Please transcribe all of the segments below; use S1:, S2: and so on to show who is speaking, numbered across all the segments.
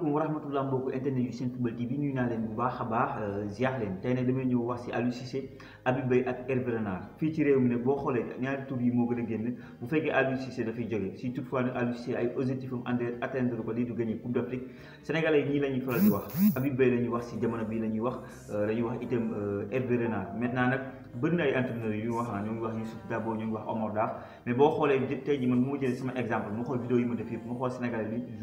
S1: asalaamaaleykum wa rahmatulah mbokku internet yu seen football TV nuyu naa leen bu baax a baax euh, ziar leen tey ne damay ñëw wax si Aliou Cissé ak Hervé fii ci réew mi ne boo xoolee ñaari tur la ñuy faral wax Habib Beye la ñuy wax si jamono bii euh, itam euh, Hervé Renard maintenant nag bëri na ay entraîneurs yu ñu wax ah ñoo ngi wax Youssouf Dabo mais boo xoolee tey ji man bu ma jëlee sama exemple ma xool vidéo yi ma def yëpp ma xool sénégalais li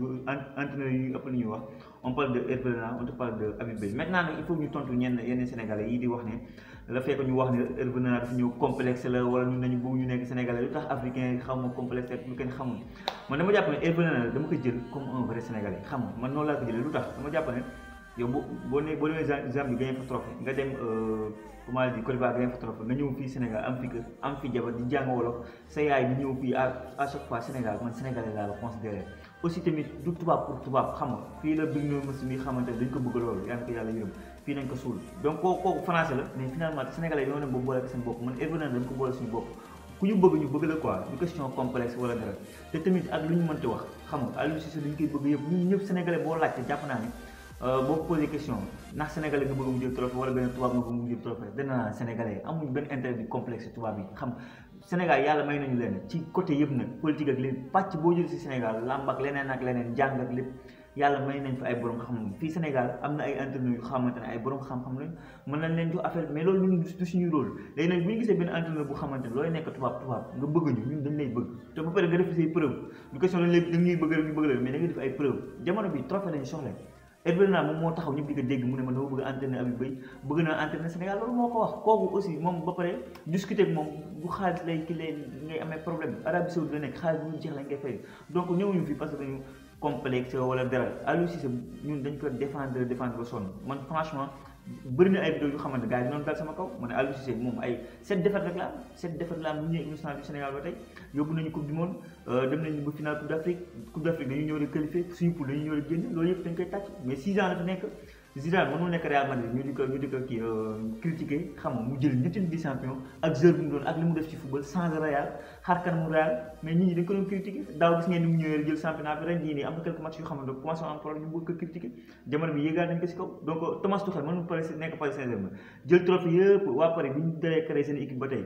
S1: entraîneurs yi ñu ëpp ñuy wax on parle de Hervé on te parle de Habib Beye maintenant nag il faut ñu tontu ñenn yenn sénégalais yi di wax ne la fekk ñu wax ne Hervé Renard dafa ñëw complexe la wala ñu nañu bu ñu nekk sénégalais lu tax africain xam nga complexe lu kenn xamul man dama jàpp ne Hervé dama ko jël comme un vrai sénégalais xam man noonu laa ko jëlee lu tax dama jàpp ne yow boo boo nee boo demee Zambie gagné fa trophée nga dem euh, comment dire Côte d'Ivoire gagné fa trophée nga ñëw fii Sénégal am fi am fi jabar di jàng wolof sa yaay bi ñëw fii à à chaque fois Sénégal man sénégalais laa la considéré aussi tamit du tubaab pour tubaab xam nga fii la bir no masi mi xamante dañ ko bëgg loolu yaan ko yàlla yërëm fii nañ ko suul donc kooku kooku français la mais finalement sénégalais yoo dem ba boole ak seen bopp man ñu bëgg ñu wax xam nga yëpp ñëpp sénégalais boo laajte jàpp naa ne euh, boo posé question ndax sénégalais nga bëgg mu jël trophée wala benn tubaab nga bëgg mu jël trophée dana sénégalais tubaab yi xam Sénégal yàlla may nañu leen ci côté yëpp nag politique ak lépp pàcc boo jël si Sénégal làmb ak leneen ak leneen jàng ak lépp yàlla may nañ fa ay borom xam-xam fii Sénégal am na ay entraîneur yu xamante ne ay borom xam-xam lañ mën nañ leen jox affaire mais loolu ñu du suñu rôle léegi nag bu ñu gisee benn entraîneur bu xamante ne looy nekk tubaab tubaab nga bëgg ñu ñun dañ lay bëgg te ba pare nga def say preuve bu question lañ lay da bëgg rek ñu bëgg la lañ Hervé Renard moom moo taxaw ñëpp di ko dégg mu ne man dama bëgg entraîner Habib Beye bëgg naa entraîner Sénégal loolu moo ko wax kooku aussi moom ba pare discuter ak moom bu xaalis lay ki lay ngay amee problème Arabie Saoudite la nekk xaalis bu ñu jeex la ngay fay donc ñëwuñu fi parce que dañu complexe wala dara Aliou Cissé ñun dañ ko défendre défendre ba sonn man franchement bëri na ay vidéo yu xamante gars yi noonu dal sama kaw mu ne Aliou moom ay sept défaites rek la am sept défaites la am ñu ñëw équipe nationale du Sénégal ba tey yóbbu nañu coupe du monde euh, dem nañu ba final coupe d' Afrique coupe d' Afrique dañu ñëw rek qualifié dañu ñëw génn loolu yëpp dañ koy tàcc mais six ans la nekk Zidane mënul nekk Real Madrid ñu di ko ñu di ko kii euh, critiqué xam mu jël ñetti di champion ak joueur bu mu doon ak li mu def ci football changé Real xaar kan mu mais nit ñi dañ ko doon gis ngeen ni mu ñëwee jël championnat bi ren nii am na quelques matchs yoo xamante ne commencé am problème ñu bëgg ko critiqué jamono bi yéegaal nañ ko si kaw donc euh, Thomas Tuchel mënul Paris nekk Paris Saint-Germain seen équipe ba tey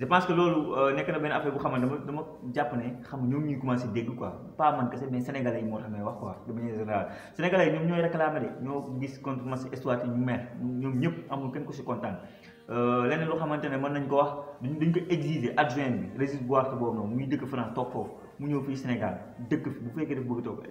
S1: je pense que loolu euh, nekk na benn affaire bu xam dama dama jàpp ne xam ñoom ñuy commencé dégg quoi pas man kese mais sénégalais yi moo tax may wax quoi de manière générale sénégalais yi ñoom ñooy réclamé de ñoo gis contre Massi Eswati ñu mer ñoom ñëpp amul kenn ko si kontaan euh, leneen loo xamante ne mën nañ ko wax duñ dañ ko exiger adjoint bi Régis Boiré boobu noonu muy dëkk France toog foofu mu ñëw fii Sénégal dëkk fi bu fekkee daf bëgg toog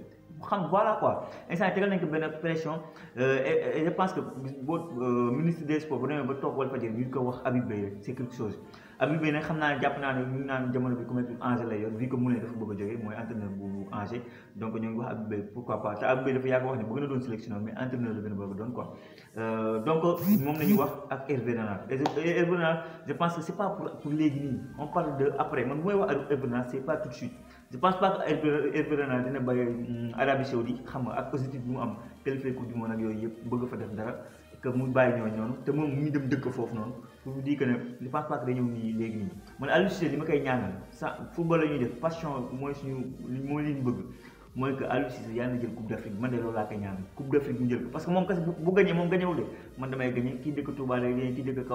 S1: xam voilà quoi instant tegal nañ ko benn pression euh, et je pense que boo euh, ministre des sports bu demee ba toog wala fajar ñu ko wax Habib Beye c'est quelque chose Habib Beye nag xam naa ne jàpp naa ne ñu ngi naan jamono bi ku mel Angers la yor vu que mu ne dafa bëgg a jógee mooy entraîneur bu Angers donc ñu ngi wax Habib Beye pourquoi pas te Habib Beye dafa yàgg wax ne bëgg na doon sélectionneur mais entraîneur la gën a bëgg doon quoi euh, donc moom la ñuy wax ak Hervé Renard Hervé Renard je pense que c'est pas pour pour léegi nii on parle de après man bu may wax Hervé Renard c'est pas tout de suite je pense pas que Hervé dina bàyyi mm, Arabie Saoudite xam nga ak positif bi mu am qualifié coupe du monde ak yooyu yëpp bëgg fa def dara que mu bàyyi ñooñu noonu te moom mu dem dëkk foofu noonu pour vous dire que ne je pense pas que dañoo nii léegi nii man Aliou Cissé li ma koy ñaanal sa football mooy suñu mooy li ñu bëgg mooy que Aliou Cissé yàlla na jël coupe d'Afrique man de loolu laa koy ñaanal coupe d'Afrique mu jël parce que moom kese bu gañee moom gañewul de man damay gañe kii dëkk Touba lay kii dëkk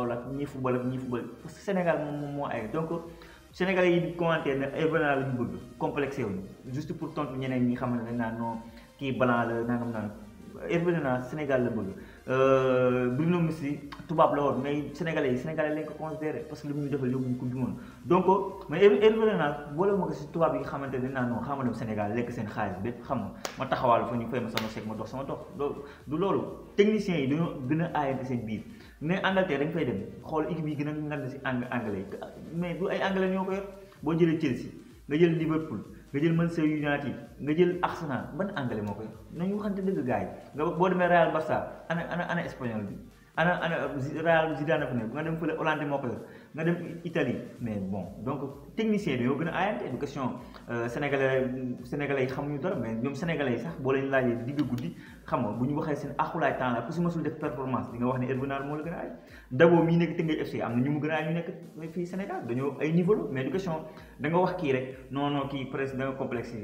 S1: Sénégalais yi di commenté ne ay la bëgg complexé wu juste pour tontu ñeneen ñi xam na dañ naan non kii blanc la nangam naan Hervé Renard Sénégal la bëgg euh, Bruno Messi tubaab la woon mais Sénégalais yi Sénégalais lañ ko considéré parce que li mu ñu defal yóbbuñu ko du jumoon donc mais Hervé Renard boole ma ko si tubaab yi nga xamante ne naan non xam nga Sénégal lekk seen xaalis bépp xam nga ma taxawaalu fa ñu fay ma sama chèque ma dox sama dox loolu du loolu techniciens yi dañoo gën a aayante seen biir ne andal tay dañ fay dem xol ekibi gëna ngand ci ang anglais mais du ay eh, anglais ñoko yor bo jël chelsea nga jël liverpool nga jël manchester united nga jël arsenal ban anglais moko yor nañ waxante deug gaay nga bo demé real barça ana ana ana espagnol bi ana ana real zidane fa ne nga dem fele hollande moko yor nga dem Italie mais bon donc technicien bi yow gën a aayante du question euh, sénégalais sénégalais yi xamuñu dara mais ñoom sénégalais yi sax boo leen laajee digg guddi xam nga bu ñu waxee seen axulaay temps la ku si masul def performance di a aay Dabo am na ñu mu gën a aay ñu nekk fii wax kii rek non non kii presque da nga complexe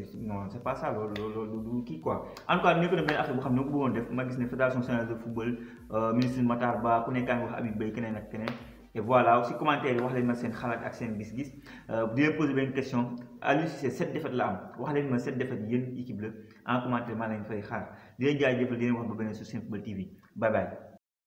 S1: kii quoi en benn affaire boo xam ne ko bëggoon def ma gis ne fédération sénégalaise de football euh, ministre Matar Ba ku nekkaa ngi wax Habib Beye keneen ak keneen et voilà aussi commentaire wax leen ma seen xalaat ak seen bis gis euh leen poser ben question Aliou Cissé cette défaite la am wax leen ma cette défaite yéen équipe la en commentaire ma leen fay xaar di leen jaajëfal di leen wax ba beneen sur Senfootball TV bye bye.